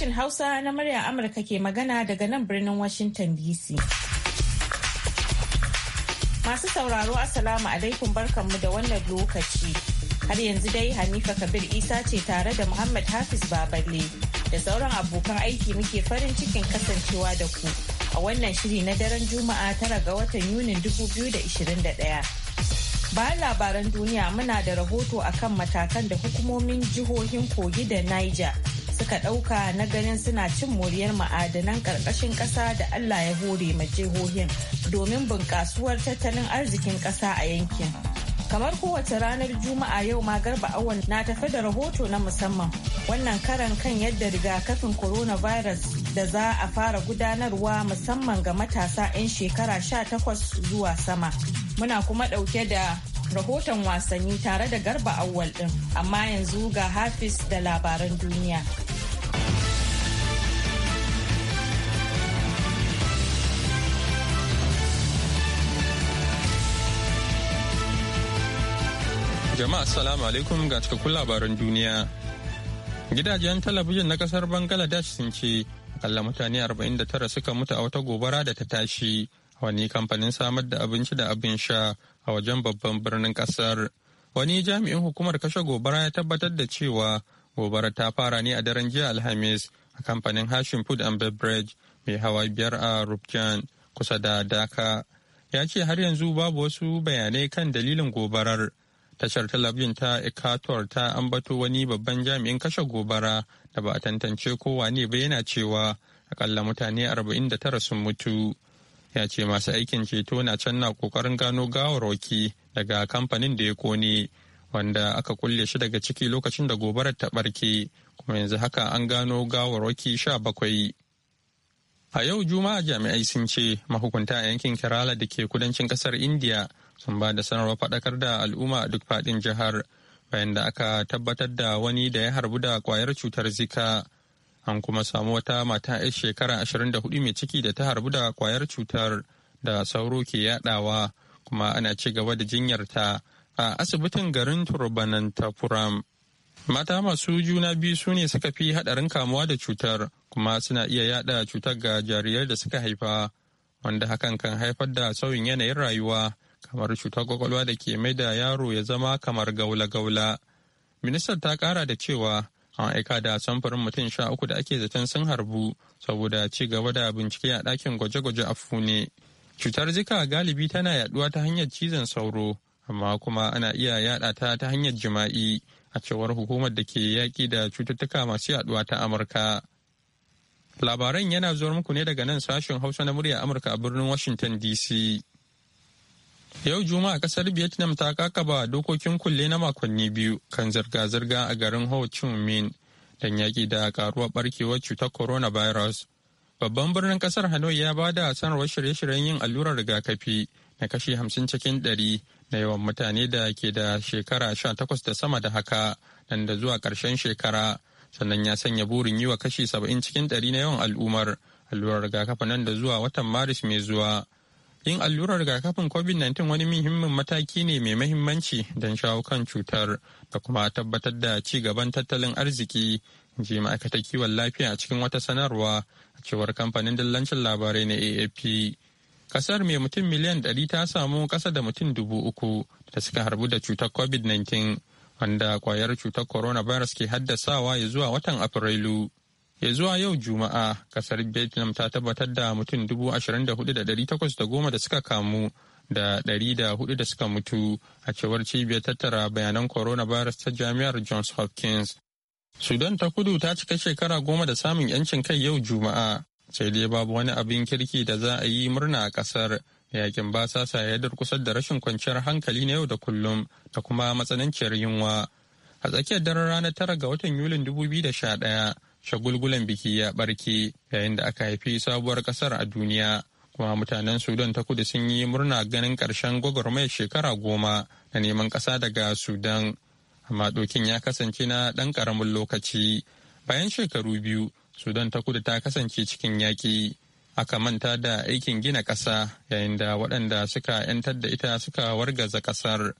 Sashen Hausa na muryar Amurka ke magana daga nan birnin Washington DC. Masu sauraro Asalamu alaikum barkanmu da wannan lokaci. Har yanzu dai Hanifa Kabir Isa ce tare da Muhammad Hafiz Baballe da sauran abokan aiki muke farin cikin kasancewa da ku a wannan shiri na daren Juma'a tara ga watan Yunin 2021. Bayan labaran duniya muna da rahoto akan matakan da hukumomin jihohin Kogi da Niger suka ɗauka na ganin suna cin moriyar ma'adanan ƙarƙashin ƙasa da Allah ya hore ma jihohin domin bunƙasuwar tattalin arzikin ƙasa a yankin. Kamar kowace ranar Juma'a yau ma garba awon na tafi da rahoto na musamman wannan karan kan yadda rigakafin coronavirus da za a fara gudanarwa musamman ga matasa 'yan shekara sha takwas zuwa sama. Muna kuma ɗauke da rahoton wasanni tare da garba awwal ɗin amma yanzu ga hafiz da labaran duniya Jama'a Assalamu alaikum ga cikakkun labaran duniya. Gidajen talabijin na kasar Bangladesh sun ce akalla mutane 49 suka mutu a wata gobara da ta tashi a wani kamfanin samar da abinci da abin sha a wajen babban birnin kasar. Wani jami'in hukumar kashe gobara ya tabbatar da cewa gobara ta fara ne a daren jiya Alhamis a kamfanin Hashim Food and Beverage mai hawa biyar a Rufjan kusa da daka Ya ce har yanzu babu wasu bayanai kan dalilin gobarar. Tashar talabijin ta Ecuador ta ambato wani babban jami'in kashe gobara da ba a tantance kowa ne ba yana cewa akalla mutane 49 sun mutu. Ya ce masu aikin ceto na can na kokarin gano gawarwaki daga kamfanin da ya kone wanda aka kulle shi daga ciki lokacin da gobarar ta barke kuma yanzu haka an gano gawarwaki bakwai. A yau Juma'a jami'ai sun ce mahukunta a yankin Kerala da ke kudancin kasar India sun ba da sanarwar faɗakar da al'umma a duk faɗin jihar bayan da aka tabbatar da wani da ya harbu da kwayar cutar zika an kuma samu wata mata 'yar shekara 24 mai ciki da ta harbu da kwayar cutar da sauro ke yadawa kuma ana ci gaba da ta a asibitin garin furam. mata masu juna biyu su ne suka fi hadarin kamuwa da cutar kuma suna iya yada cutar ga jarirai da suka haifa wanda hakan kan haifar da sauyin yanayin rayuwa kamar cutar kwakwalwa da ke mai da yaro ya zama kamar gaula-gaula. Ministan ta kara da cewa an aika da samfurin mutum sha uku da ake zaton sun harbu saboda ci gaba da bincike a ɗakin gwaje-gwaje a fune. Cutar zika galibi tana yaduwa ta hanyar cizon sauro, amma kuma ana iya yada ta ta hanyar jima'i a cewar hukumar da ke yaƙi da cututtuka masu yaduwa ta Amurka. Labaran yana zuwa muku ne daga nan sashen Hausa na murya Amurka a birnin Washington DC. Yau Juma'a kasar Vietnam ta kakaba dokokin kulle na makonni biyu kan zirga-zirga a garin Ho Chi Minh don yaƙi da karuwar barkewar cutar coronavirus. Babban birnin kasar Hanoi ya ba da sanarwar shirye-shiryen yin allurar rigakafi na kashi hamsin cikin ɗari na yawan mutane da ke da shekara sha takwas da sama da haka nan da zuwa ƙarshen shekara. Sannan ya sanya burin yi wa kashi saba'in cikin ɗari na yawan al'ummar allurar rigakafi nan da zuwa watan Maris mai zuwa. yin allurar rigakafin covid-19 wani muhimmin mataki ne mai mahimmanci don shawo kan cutar da kuma tabbatar da ci gaban tattalin arziki ji ma'aikatar kiwon lafiya a cikin wata sanarwa a cewar kamfanin dillancin labarai na afp kasar mai mutum miliyan 100 ta samu kasa da mutum dubu uku da suka harbu da cutar covid-19 wanda kwayar cutar coronavirus ke haddasawa ya zuwa watan afrilu ya zuwa yau juma'a kasar vietnam ta tabbatar da mutum dubu 24,810 da da goma suka kamu da dari da hudu da suka mutu a cewar cibiyar tattara bayanan coronavirus ta jami'ar johns hopkins sudan ta kudu ta cika shekara goma da samun yancin kai yau juma'a sai dai babu wani abin kirki da za a yi murna a kasar yakin basasa ya durkusar da rashin kwanciyar hankali na yau da kullum da kuma matsananciyar yunwa a tsakiyar daren ranar tara ga watan yulin dubu da ɗaya. shagulgulan biki ya barke yayin da aka haifi sabuwar kasar a duniya kuma mutanen sudan ta kudu sun yi murna ganin ƙarshen gwagwarmayar shekara goma na neman ƙasa daga sudan amma dokin ya kasance na ɗan ƙaramin lokaci bayan shekaru biyu sudan ta kudu ta kasance cikin yaƙi aka manta da aikin gina ƙasa yayin da waɗanda suka 'yantar da ita suka wargaza ƙasar.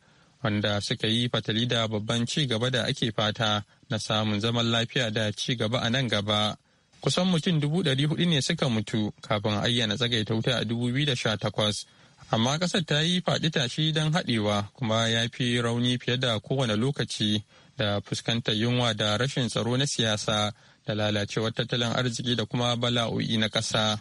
wanda suka yi fatali da babban ci gaba da ake fata na samun zaman lafiya da ci gaba a nan gaba. Kusan mutum dubu ɗari hudu ne suka mutu kafin ayyana tsagaita wuta a dubu biyu da sha takwas. Amma ƙasar ta yi faɗi tashi don haɗewa kuma ya fi rauni fiye da kowane lokaci da fuskantar yunwa da rashin tsaro na siyasa da lalacewar tattalin arziki da kuma bala'o'i na ƙasa.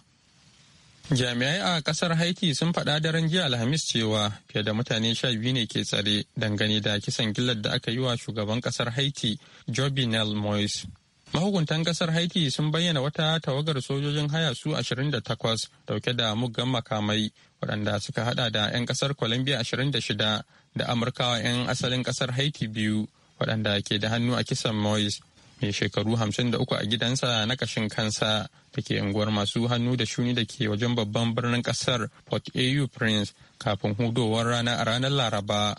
Jami'ai a kasar Haiti sun faɗa daren jiya Alhamis cewa fiye da mutane sha biyu ne ke tsare dangane da kisan gillar da aka yi wa shugaban kasar Haiti Jovenel mois Mahukuntan kasar Haiti sun bayyana wata tawagar sojojin haya su 28 dauke da muggan makamai waɗanda suka hada da 'yan kasar Colombia 26 da Amurkawa 'yan asalin kasar Haiti biyu waɗanda ke da hannu a kisan Moise mai shekaru hamsin da uku a gidansa na kashin kansa da ke unguwar masu hannu da shuni da ke wajen babban birnin kasar port au prince kafin hudowar rana a ranar laraba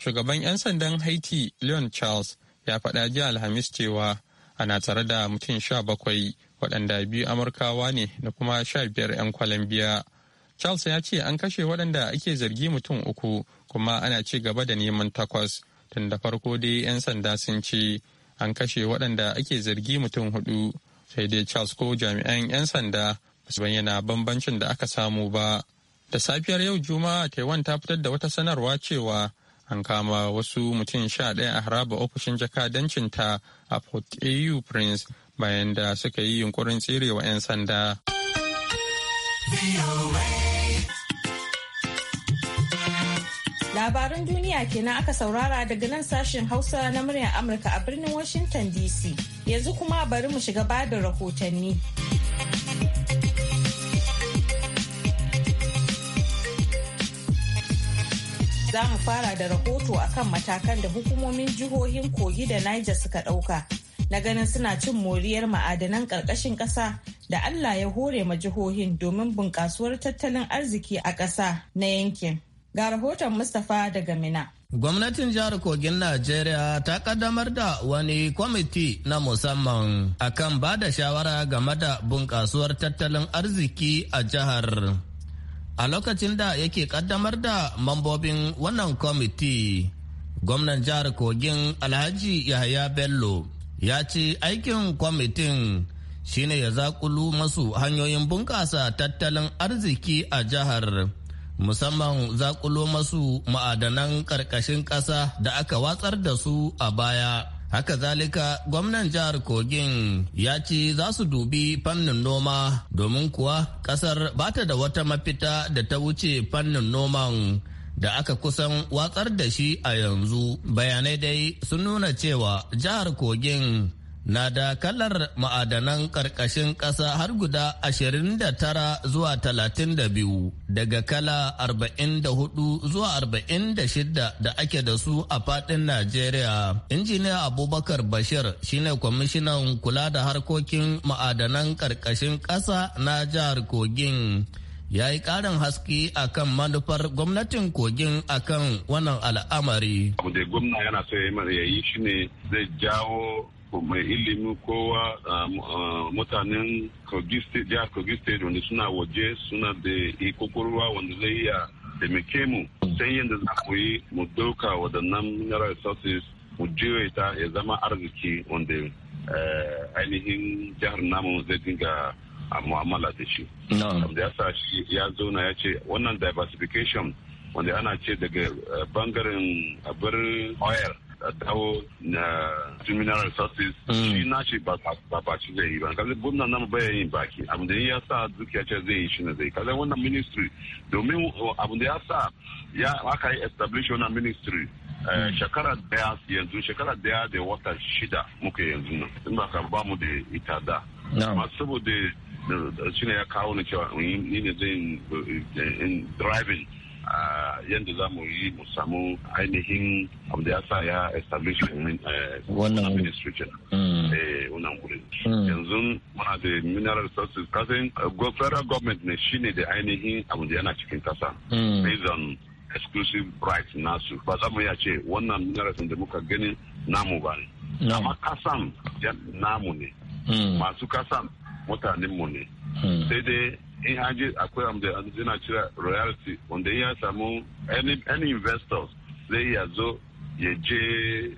shugaban 'yan sandan haiti leon charles ya faɗa jiya alhamis cewa ana tsare da mutum sha bakwai waɗanda biyu amurkawa ne da kuma sha biyar 'yan kwalambiya charles ya ce an kashe waɗanda ake zargi mutum uku kuma ana ci gaba da neman takwas tun da farko dai 'yan sanda sun ce an kashe waɗanda ake zargi mutum hudu sai dai charles ko jami'an 'yan sanda ba su bayyana bambancin da aka samu ba da safiyar yau juma'a taiwan ta fitar da wata sanarwa cewa an kama wasu mutum sha ɗaya a haraba ofishin jakadancin ta a port au prince bayan da suka yi yunkurin tserewa 'yan sanda. Labaran duniya kenan aka saurara daga nan sashen Hausa na muryar Amurka a birnin Washington DC. Yanzu kuma bari mu shiga bada rahotanni. Za mu fara da rahoto akan matakan da hukumomin jihohin Kogi da Niger suka ɗauka. Na ganin suna cin moriyar ma'adanan ƙarƙashin ƙasa da Allah ya hore ma jihohin domin bunƙasuwar tattalin arziki a ƙasa na yankin. Ga rahoton Mustapha daga Mina. Gwamnatin jihar Kogin Najeriya ta kaddamar da wani kwamiti na musamman akan ba da shawara game da bunƙasuwar tattalin arziki a jihar. A lokacin da yake kaddamar da mambobin wannan kwamiti, gwamnan jihar Kogin Alhaji Yahya Bello ya ce aikin kwamitin shine ya zakulu masu hanyoyin bunƙasa tattalin arziki a jihar. musamman zakulo masu ma'adanan ƙarƙashin ƙasa da aka watsar da su a baya. Haka zalika gwamnan jihar Kogin ya ce za su dubi fannin noma domin kuwa ƙasar ba ta da wata mafita da ta wuce fannin noman da aka kusan watsar da shi a yanzu. Bayanai dai sun nuna cewa jihar Kogin na da kalar ma'adanan ƙarƙashin ƙasa har guda 29 zuwa 32 daga kala 44 zuwa 46 da ake da su a faɗin Najeriya. Injiniya Abubakar Bashir shine kwamishinan kula da harkokin ma'adanan ƙarƙashin ƙasa na jihar Kogin. ya yi ƙarin haske kan manufar gwamnatin kogin a kan wannan al'amari. abu da gwamna yana so ya yi ne zai jawo mai ilimi kowa mutanen kogi jihar kogi wanda suna waje suna da ikokorwa wanda zai iya taimake mu san yadda za mu yi mu dauka waɗannan mineral resources mu jiwe ta ya zama arziki wanda eh, ainihin jihar namu zai dinga a mu'amala da shi. Wanda ya shi ya zauna ya ce wannan diversification wanda ana ce daga eh, bangaren abin oil dawo na criminal resources mm. shi na ce ba ba baci zai yi ba kaza gwamna nan baya yin baki abin da ya sa dukiya ce zai yi shi ne zai kaza wannan ministry domin uh, abin da ya sa ya aka yi establish wannan ministry uh, mm. shekara daya yanzu shekara daya da wata shida muke yanzu nan in ba ka ba mu da ita da amma saboda uh, shi ne ya kawo ni cewa ni ne zai in driving a yadda za mu yi mu samu ainihin abu da ya sa ya establish eh, wannan administration mm. eh, wannan wurin mm. yanzu muna da mineral resources kasan eh, federal government ne shine da ainihin abu da yana cikin kasa mm. based on exclusive rights nasu ba za mu iya ce wannan mineral da muka gani namu ba ne amma kasan namu ne masu kasan mutanenmu ne sai dai in haji akwai wanda yana cire royalty wanda ya samu any investors zai iya zo ya je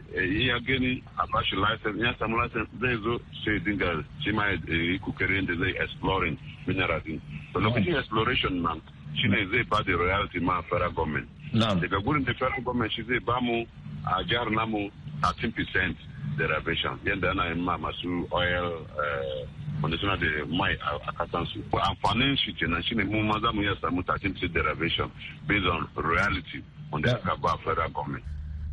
ya gani a bashi license ya samu license zai zo sai dinga shi ma yi kukere da zai exploring mineral din to lokacin exploration nan ne zai ba da royalty ma federal government daga gurin da federal government shi zai ba mu a jihar namu 13% derivation yadda ana yi ma masu oil uh, wanda suna da mai a kasansu amfanin shi kenan shine mu ma za mu iya samu 13% derivation based on reality wanda aka ba federal government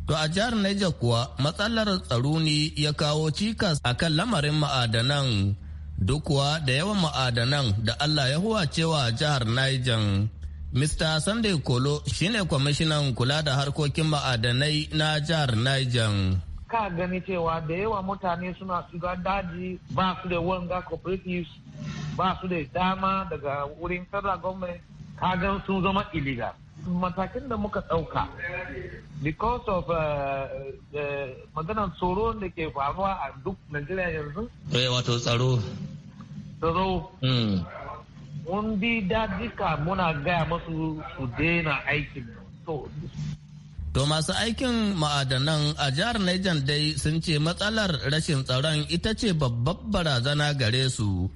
To a jihar Niger kuwa matsalar tsaro ne ya kawo cikas a kan lamarin ma'adanan duk kuwa da yawan ma'adanan da Allah ya huwa cewa jihar Niger. Mr. Sunday Kolo shine kwamishinan kula da harkokin ma'adanai na jihar Niger. ka gani cewa da yawa mutane suna shiga daji ba su da wanga cooperatives ba su da dama daga wurin federal government ka gan sun zama illegal matakin da muka ɗauka because of uh, uh, maganar tsoro da ke faruwa a duk Najeriya yanzu. Eh, wato tsaro. Tsaro. Hmm. Mun bi dajika muna gaya masu su daina aikin. To masu aikin ma'adanan a jihar Niger dai sun ce matsalar rashin tsaron ita ce babbar barazana gare su.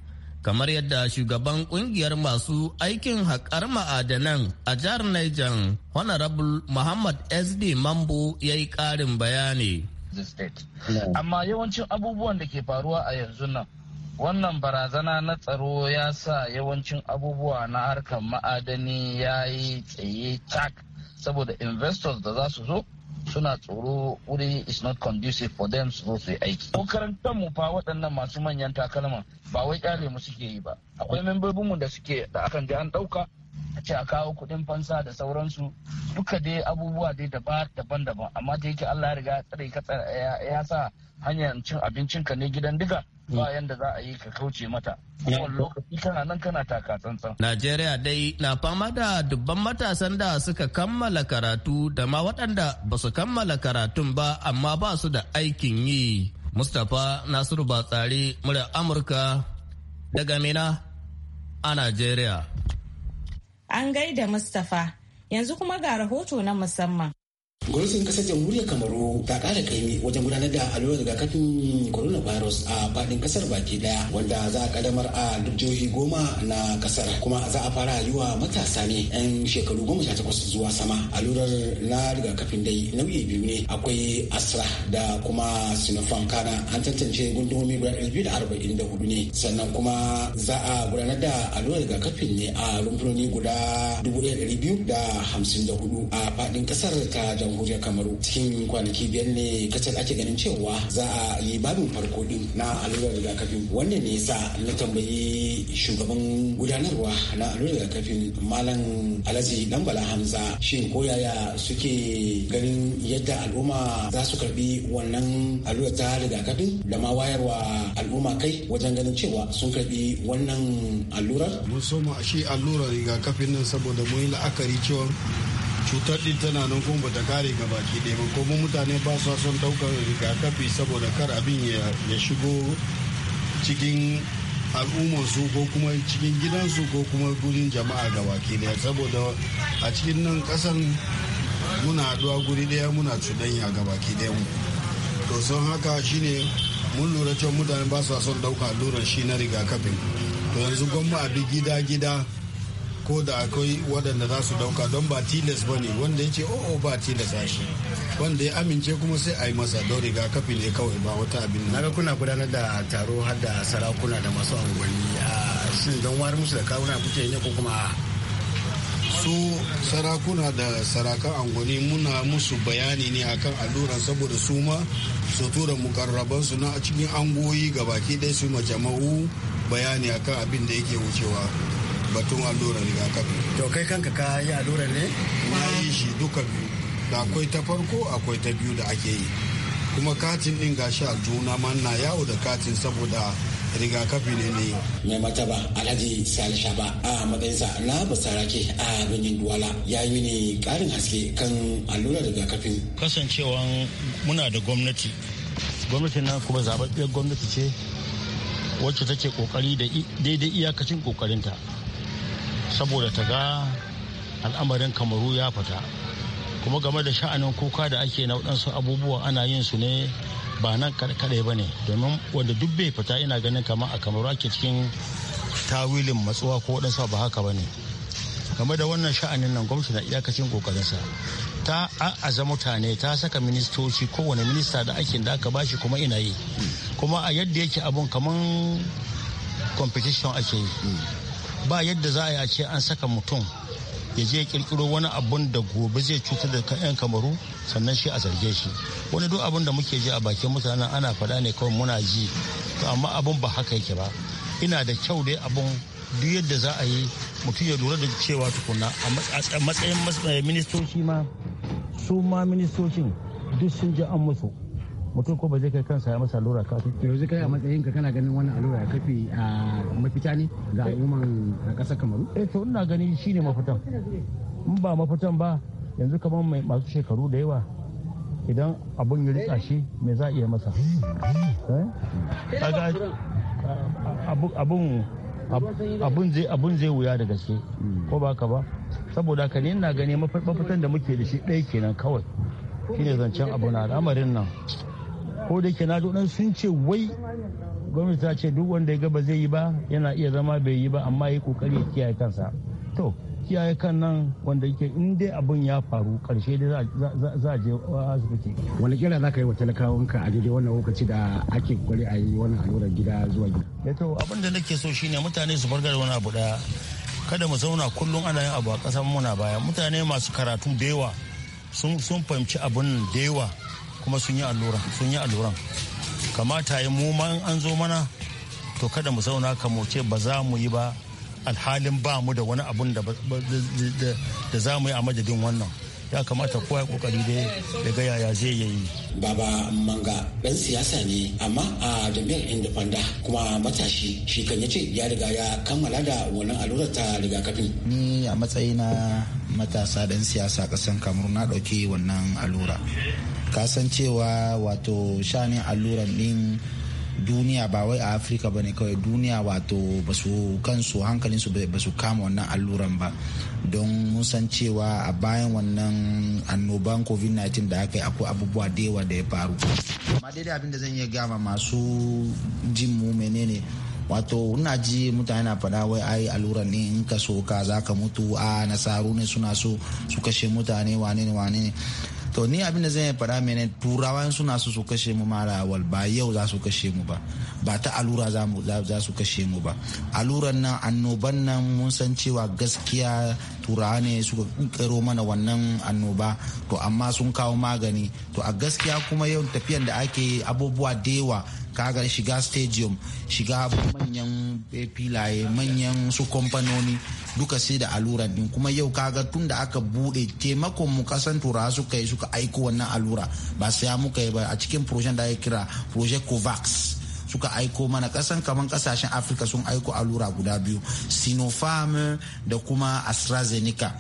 Kamar yadda shugaban kungiyar masu aikin haƙar ma'adanan a jihar Niger, Honorable Muhammad SD Mambo ya yi ƙarin bayani. Amma yawancin abubuwan da ke faruwa a yanzu nan, wannan barazana na tsaro ya sa yawancin abubuwa na harkar ma'adani ya yi tsaye cak. saboda investors da za su zo suna tsoro wuri is not conducive for them su zo su aiki. Ko karantar mu fa waɗannan masu manyan takalma ba wai kyale mu suke yi ba. Akwai membobinmu da suke da akan ji an ɗauka a ce a kawo kudin fansa da sauransu duka dai abubuwa dai daban-daban amma da yake Allah riga tsare ka ya sa hanyar cin abincin ka ne gidan diga ba mm. yanda za a yi ka kauce mata kowane lokaci kana nan kana taka tsantsan. Najeriya dai na fama da dubban matasan da suka kammala karatu da ma waɗanda ba su kammala karatun ba amma ba su da aikin yi. Mustapha Nasiru Batsari murya Amurka daga Mina a Najeriya. An gaida Mustapha. Yanzu kuma ga rahoto na musamman. gwamnatin kasar jamhuriyar kamaru ta kara kaimi wajen gudanar da allurar rigakafin coronavirus a fadin kasar baki daya wanda za a kadamar a duk jihohi goma na kasar kuma za a fara yi wa matasa ne yan shekaru goma sha takwas zuwa sama allurar na rigakafin dai nau'i biyu ne akwai astra da kuma sinopharm kana an tantance gundumomi guda ɗari biyu da arba'in da hudu ne sannan kuma za a gudanar da allurar rigakafin ne a rumfunoni guda dubu ɗaya ɗari biyu da hamsin da hudu a fadin kasar ta jamhuriyar kamaru cikin kwanaki biyar ne kacal ake ganin cewa za a yi babin farko din na allurar rigakafin wanda ne yasa na tambayi shugaban gudanarwa na allurar rigakafin malam alhaji dan bala hamza shin ko yaya suke ganin yadda al'umma za su karbi wannan allurar ta rigakafin da ma wayarwa al'umma kai wajen ganin cewa sun karbi wannan allurar mun so mu shi allurar rigakafin nan saboda mu yi la'akari cewa cutar din tana nan kuma bata kare ga baki ɗaya ba kuma mutane ba su son ɗaukar rigakafi saboda kar abin ya shigo cikin al'ummarsu ko kuma cikin gidansu ko kuma gurin jama'a ga baki ɗaya saboda a cikin nan ƙasan muna haɗuwa guri ɗaya muna cuɗanya ga baki ɗaya mu to sun haka shine mun lura cewa mutane ba su son daukar allurar shi na rigakafin to yanzu gwamma a bi gida-gida ko da akwai waɗanda za su dauka don ba tilas ba ne wanda yake o oh, oh, ba tilas shi wanda ya amince kuma sai a yi masa don kafin ne kawai ba wata abin Na kuna gudanar da taro har da sarakuna da masu unguwanni a shin don wari musu da kawuna kuke ne ko kuma su sarakuna da sarakan angoni muna musu bayani ne akan alluran saboda su ma su tura mukarraban su na cikin angoyi gabaki ɗaya su majama'u bayani akan abin da yake wucewa batun allurar rigakafi to kai kanka ka yi allurar ne na yi shi duka biyu da akwai ta farko akwai ta biyu da ake yi kuma katin din gashi juna ma na yawo da katin saboda rigakafi ne ne. mai mataba alhaji sale shaba a matsayinsa na basarake a birnin duwala ya yi ne karin haske kan allurar rigakafin kasancewan muna da gwamnati gwamnatin nan kuma zaɓaɓɓiyar gwamnati ce wacce take kokari da daidai iyakacin kokarinta saboda ta ga al'amarin kamaru ya fita kuma game da sha'anin kuka da ake na waɗansu abubuwa ana yin su ne ba nan kaɗai ba ne domin wanda duk bai fita ina ganin kamar a kamaru ake cikin tawilin matsuwa ko waɗansu ba haka ba ne game da wannan sha'anin nan gwamnati na iyakacin kokarinsa ta za mutane ta saka ministoci kowane minista da aikin da aka bashi kuma ina yi kuma a yadda yake abun kaman competition ake yi ba yadda za a ce an saka mutum ya je kirkiro wani abun da gobe zai cutar da yan kamaru sannan shi a zarge shi wani duk abun da muke ji a bakin mutanen ana faɗa ne kawai muna ji to amma abun ba haka yake ba ina da kyau dai abun duk yadda za a yi mutum ya lura da cewa tukuna a matsayin eh, ministoci ma su ma ministocin duk sun ji an musu mutum ko ba zai kai kansa ya masa allura kafi yanzu kai a matsayinka kana ganin wannan allura kafi a mafita ne ga al'umman kasar kamaru eh to ina shi shine mafitan in ba mafitan ba yanzu kamar mai masu shekaru da yawa idan abun ya rika shi me za a iya masa eh? abun abun zai wuya da gaske ko ba ka ba saboda ka ne na gani mafitan da muke da shi ɗaya kenan kawai shine zancen abu na al'amarin nan ko da ke naji waɗansu sun ce wai gwamnati ta ce duk wanda ya ga ba zai yi ba yana iya zama bai yi ba amma ya kokari ya kiyaye kansa to kiyaye kan nan wanda yake in dai abin ya faru karshe dai za a je asibiti wani kira za ka yi wa talakawanka a daidai wannan lokaci da ake kokari a yi wannan alurar gida zuwa gida ya eh to abin da nake so shine mutane su farga da wani abu daya kada mu zauna kullum ana yin abu a kasan muna baya mutane masu karatu da yawa sun fahimci abin da yawa kuma sun yi alluran sun yi alluran kamata yi mu ma an zo mana to kada mu zauna ka mu ce ba za mu yi ba alhalin ba mu da wani abun da za mu yi a madadin wannan ya kamata kowa ya kokari dai daga yaya zai yi. Baba Manga dan siyasa ne amma a jami'ar Indifanda kuma matashi shi kan ya ce ya riga ya kammala da wannan allurar ta rigakafi. Ni a matsayina matasa dan siyasa kasan kamar na dauke wannan allura. kasancewa wato shanin alluran din duniya ba wai a afirka ba ne kawai duniya wato ba su kansu hankalinsu ba su kama wannan alluran ba don mun san cewa a bayan wannan annoban covid-19 da aka yi akwai abubuwa da yawa da ya faru amma daidai abin da zan iya gama masu jin mu menene wato ina ji mutane na faɗa wai ai alluran ne in ka so ka za ka mutu a nasaru ne suna so su kashe mutane wane ne wane ne to ni abin da zan yi fara mene turawan suna su su kashe mu mara wal ba yau za su kashe mu ba ba ta alura za su kashe mu ba aluran nan annoban nan mun san cewa gaskiya turawa ne suka karo mana wannan annoba to amma sun kawo magani to a gaskiya kuma yau tafiyan da ake abubuwa da yawa kaga shiga stadium shiga manyan filaye manyan su kamfanoni duka sai da alura din kuma yau kaga tun da aka bude taimakon mu kasan turawa suka yi suka aiko wannan alura ba sai muka yi ba a cikin projen da ya kira project covax suka aiko mana kasan kaman kasashen afirka sun aiko alura guda biyu sinopharm da kuma astrazeneca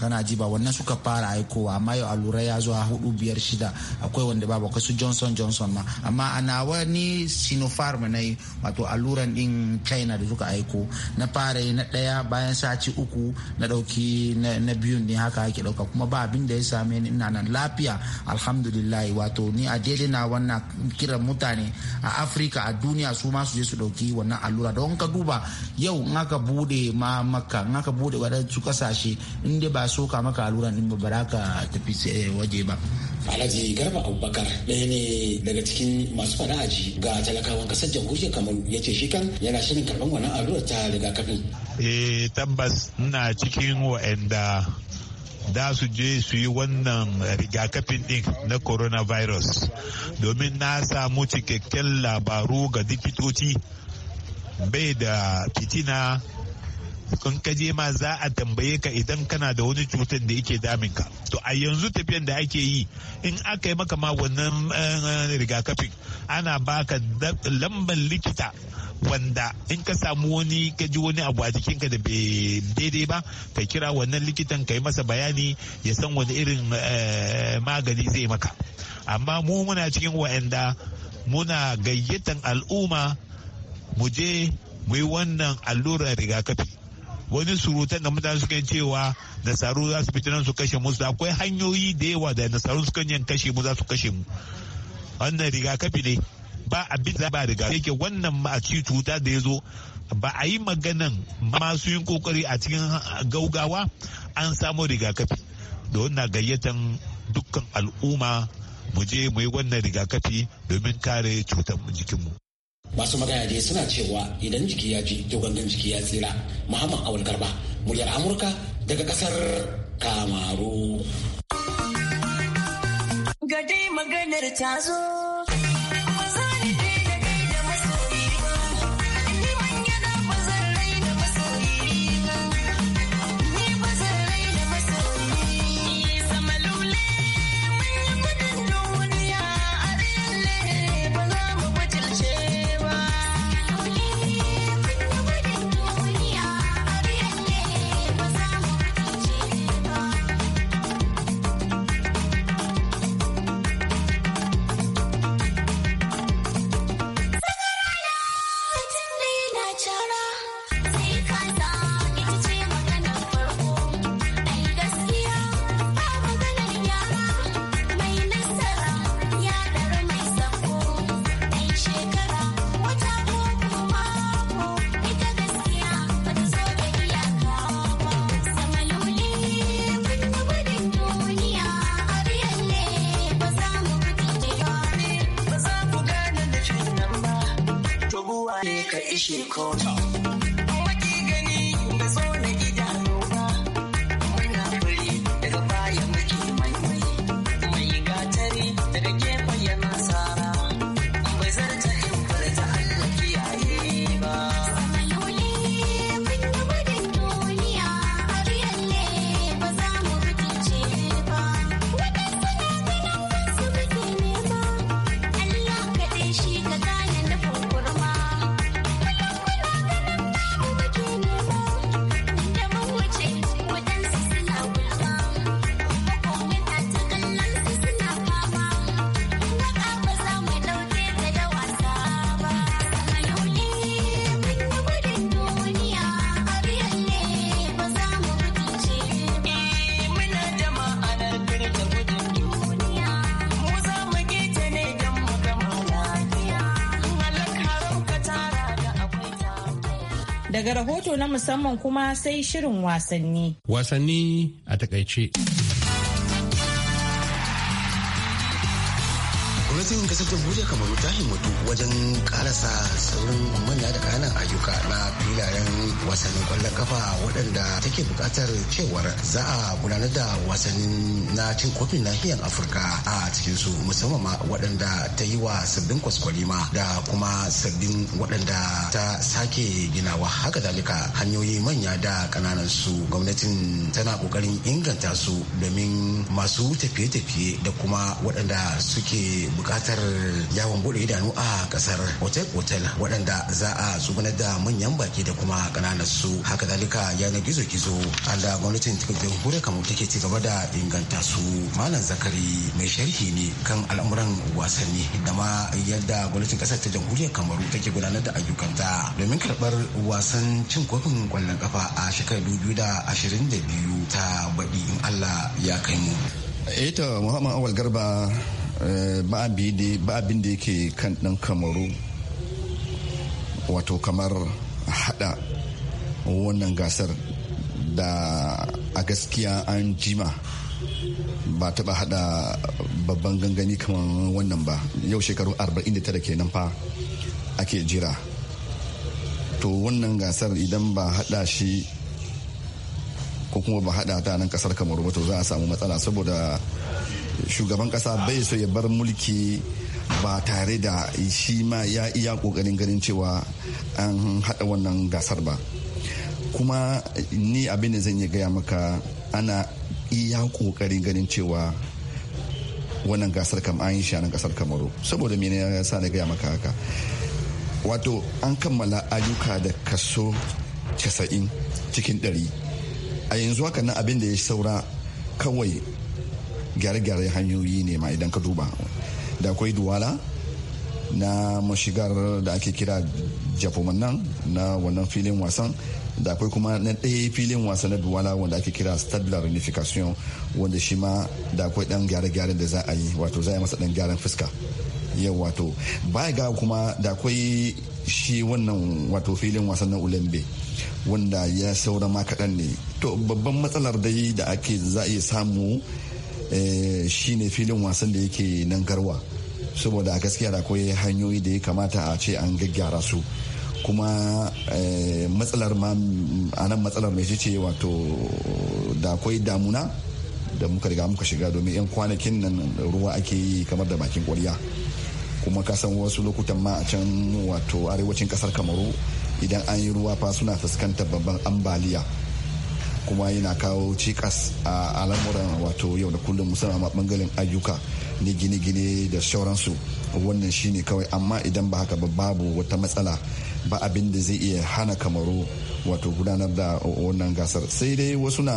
kana ji ba wannan suka fara aikowa amma yau allura ya zuwa hudu biyar shida akwai wanda ba bakwai su johnson johnson ma amma a nawa ni sinopharm na yi wato alluran din china da suka aiko na fara yi na daya bayan sati uku na dauki na biyun ne haka ake dauka kuma ba abin da ya same ni ina nan lafiya alhamdulillah wato ni a daidai na wannan kiran mutane a afirka a duniya su ma su je su dauki wannan allura don ka duba yau in aka bude ma maka in aka bude wadansu kasashe in dai ba soka maka alluran din ba za ka tafi eh, waje ba Alhaji Garba Abubakar ɗaya ne daga cikin masu fara'aji ga talakawan kasar jamhuriyar Kamaru ya ce shi kan yana shirin karɓar wannan allurar ta rigakafin. Eh tabbas ina cikin wa'anda da su je su yi wannan rigakafin din na coronavirus domin na samu cikakken labaru ga dipitoci bai da fitina kun ka je ma za a tambaye ka idan kana da wani cutar da yake damin ka to a yanzu tafiyan da ake yi in aka yi maka ma wannan eh, rigakafin ana baka lamban likita wanda in ka samu wani ka wani abu a jikinka da bai daidai ba ka kira wannan likitan ka yi masa bayani ya san wani irin eh, magani zai maka amma mu muna cikin wa'anda muna gayyatan al'umma muje je mu yi wannan allurar rigakafi wani surutan da mutane suka cewa nasaru za su fitinan su kashe mu akwai hanyoyi da yawa da nasaru suka yin kashe mu za su kashe mu wannan rigakafi ne ba abin da ba riga yake wannan ma a ci cuta da ya zo ba a yi maganan masu yin kokari a cikin gaugawa an samu rigakafi da wannan gayyatan dukkan al'umma mu je mu yi wannan rigakafi domin kare cutar jikinmu. masu magana dai suna cewa idan jiki ya ji to gangan jiki ya tsira muhammad awal garba muryar amurka daga kasar kamaru ga dai maganar ta zo shit called. Daga rahoto na musamman kuma sai shirin wasanni. Wasanni a takaice. gwamnatin kasar jamhuriyar kamaru ta himmatu wajen karasa saurin manya da kanan ayyuka na filayen wasannin kwallon kafa waɗanda take buƙatar cewar za a gudanar da wasannin na cin kofin nahiyar afirka a cikin su musamman ma waɗanda ta yi wa sabbin kwaskwalima da kuma sabbin waɗanda ta sake ginawa haka dalika hanyoyi manya da ƙananan su gwamnatin tana ƙoƙarin inganta su domin masu tafiye-tafiye da kuma waɗanda suke buƙatar bukatar yawon bude idanu a kasar otel-otel waɗanda za a tsugunar da manyan baki da kuma kananan su haka zalika yanar gizo-gizo da gwamnatin jamhuriyar kamar take ci gaba da inganta su malam zakari mai sharhi ne kan al'amuran wasanni da ma yadda gwamnatin ƙasar ta jamhuriyar kamaru take gudanar da ayyukanta domin karɓar wasan cin kofin kwallon kafa a shekarar 2022 ta baɗi in allah ya kai mu. Eto eh Muhammad Awal Garba Eh, ba abin da yake kan ɗan kamaru wato kamar hada wannan gasar da a gaskiya an jima ba taba hada babban gangani kamar wannan ba yau shekaru 49 kenan fa ake jira to wannan gasar idan ba hada shi ko kuma ba hada ta nan kasar kamaru ba to za a samu matsala saboda shugaban kasa bai so ya bar mulki ba tare da shi ma ya iya kokarin ganin cewa an hada wannan gasar ba kuma ni abin da zan iya gaya maka ana iya kokarin ganin cewa wannan gasar kam an yi shi a kasar kamaru saboda mene ya sa na gaya maka haka wato an kammala ayyuka da kaso 90 cikin 100 a yanzu haka nan abin da ya saura kawai gyare-gyare hanyoyi ne ma idan ka duba da akwai duwala na mashigar da ake kira jafuman nan na wannan filin wasan da akwai kuma na ɗaya filin wasa na duwala wanda ake kira stadler unification wanda shi ma da akwai ɗan gyare-gyaren da za a yi wato za a yi masa ɗan gyaran fuska yau wato baya ga kuma da akwai shi wannan wato filin wasan na ulembe wanda ya saura ma kaɗan ne to babban matsalar dai da ake za a iya samu Eh, shine filin wasan da yake nan garwa saboda a gaskiya da akwai hanyoyi da ya kamata a ce an gaggyara su kuma eh, matsalar ma a nan matsalar mai ce wato da akwai damuna da muka riga muka shiga domin 'yan kwanakin nan ruwa ake yi kamar da bakin kwarya kuma kasan wasu lokutan ma a can wato arewacin kasar kamaru idan an yi ruwa fa suna fuskantar babban ambaliya kuma yana kawo cikas a al'amuran wato yau da kullum musamman ma bangaren ayyuka ne gine-gine da sauransu wannan shine kawai amma idan ba haka ba babu wata matsala ba abin da zai iya hana kamaru wato gudanar da wannan gasar sai dai wasu na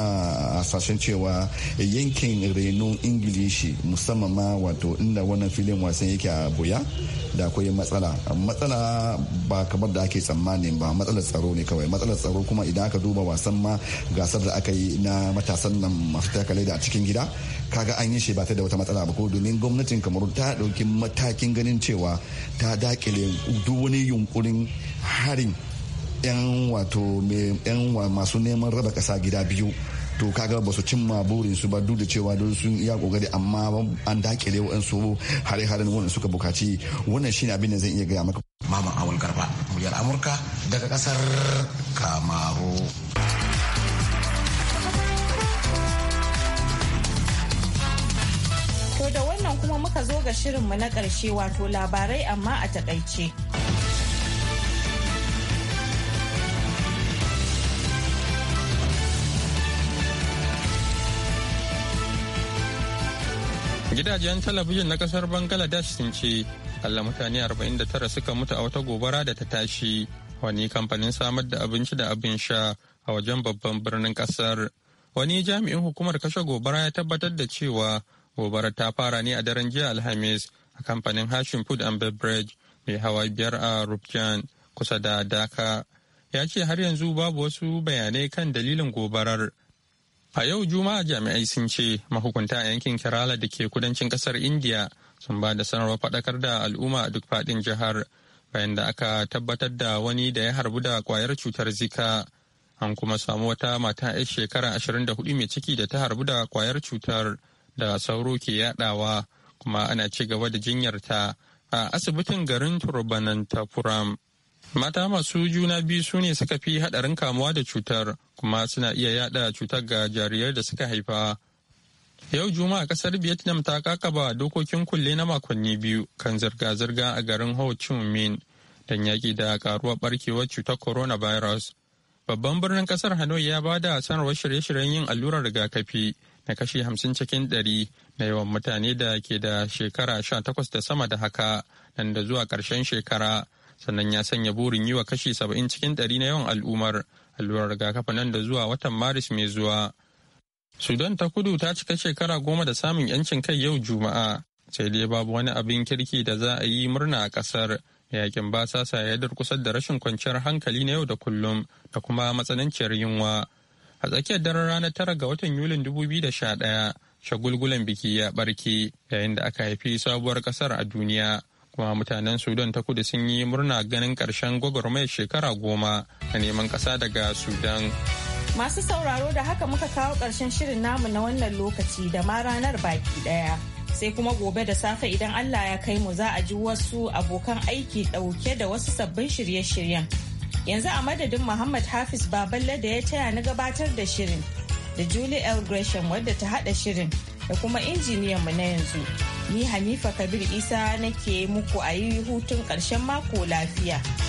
hasashen cewa yankin renon ingilishi musamman ma wato inda wannan filin wasan yake a buya da akwai matsala matsala ba kamar da ake tsammanin ba matsalar tsaro ne kawai matsalar tsaro kuma idan aka duba wasan ma gasar da aka yi na matasan nan masu takalai da a cikin gida kaga an yi shi ba ta da wata matsala ba ko domin gwamnatin kamaru ta ɗauki matakin ganin cewa ta dakile duk wani yunkurin harin 'yan wato yan masu neman raba kasa gida biyu to kaga ba su cimma burin su ba duk da cewa don sun iya kokari amma an dakile waɗansu hare-haren wannan suka bukaci wannan shine abin da zan iya gaya maka mama awal garba muryar amurka daga kasar kamaru to da wannan kuma muka zo ga shirin mu na karshe wato labarai amma a takaice Gidajen talabijin na kasar Bangladesh sun ce kalla mutane 49 suka mutu a wata gobara da ta tashi wani kamfanin samar da abinci da abin sha a wajen babban birnin kasar. Wani jami'in hukumar kashe gobara ya tabbatar da cewa gobara ta fara ne a daren jiya Alhamis a kamfanin Hashim Food and Beverage mai hawa biyar a Rufjan kusa da daka Ya ce har yanzu babu wasu bayanai kan dalilin gobarar. A yau Juma'a jami'ai sun ce mahukunta a yankin Kerala da ke kudancin kasar India sun ba da sanarwar faɗakar da al'umma a duk faɗin jihar bayan da aka tabbatar da wani da ya harbu da kwayar cutar zika. An kuma samu wata mata 'yar shekara hudu mai ciki da ta harbu da kwayar cutar da sauro ke yaɗawa kuma ana ci gaba da ta a asibitin garin Turbanantapuram. Mata masu juna biyu su ne suka fi haɗarin kamuwa da cutar kuma suna iya yada cutar ga jariyar da suka haifa. Yau Juma'a ƙasar Vietnam ta kakaba dokokin kulle na makonni biyu kan zirga-zirga a garin Ho Chi Minh don yaƙi da karuwar ɓarkewar cutar coronavirus. Babban birnin ƙasar Hanoi ya ba da sanarwar shirye-shiryen yin allurar rigakafi na kashi hamsin cikin ɗari na yawan mutane da ke da shekara sha takwas da sama da haka nan da zuwa ƙarshen shekara. sannan ya sanya burin yi wa kashi saba'in cikin ɗari na yawan al'ummar allurar rigakafi nan da zuwa watan maris mai zuwa sudan ta kudu ta cika shekara goma da samun yancin kai yau juma'a sai dai babu wani abin kirki da za a yi murna a ƙasar yakin basasa ya durkusar da rashin kwanciyar hankali na yau da kullum da kuma matsananciyar yunwa a tsakiyar daren ranar tara ga watan yulin ɗaya shagulgulan biki ya barke yayin da aka haifi sabuwar ƙasar a duniya kuma mutanen sudan ta kudu sun yi murna ganin karshen gwagwarmayar shekara goma a neman kasa daga sudan masu sauraro da haka muka kawo ƙarshen shirin namu na wannan lokaci da ma ranar baki ɗaya sai kuma gobe da safe idan Allah ya kai mu za a ji wasu abokan aiki ɗauke da wasu sabbin shirye-shiryen. Yanzu a madadin Muhammad Hafiz Baballe da ya taya na gabatar da shirin da Julie L. Gresham wadda ta hada shirin da kuma injiniyan mu na yanzu. Ni Hanifa Kabir Isa nake muku a yi hutun ƙarshen mako lafiya.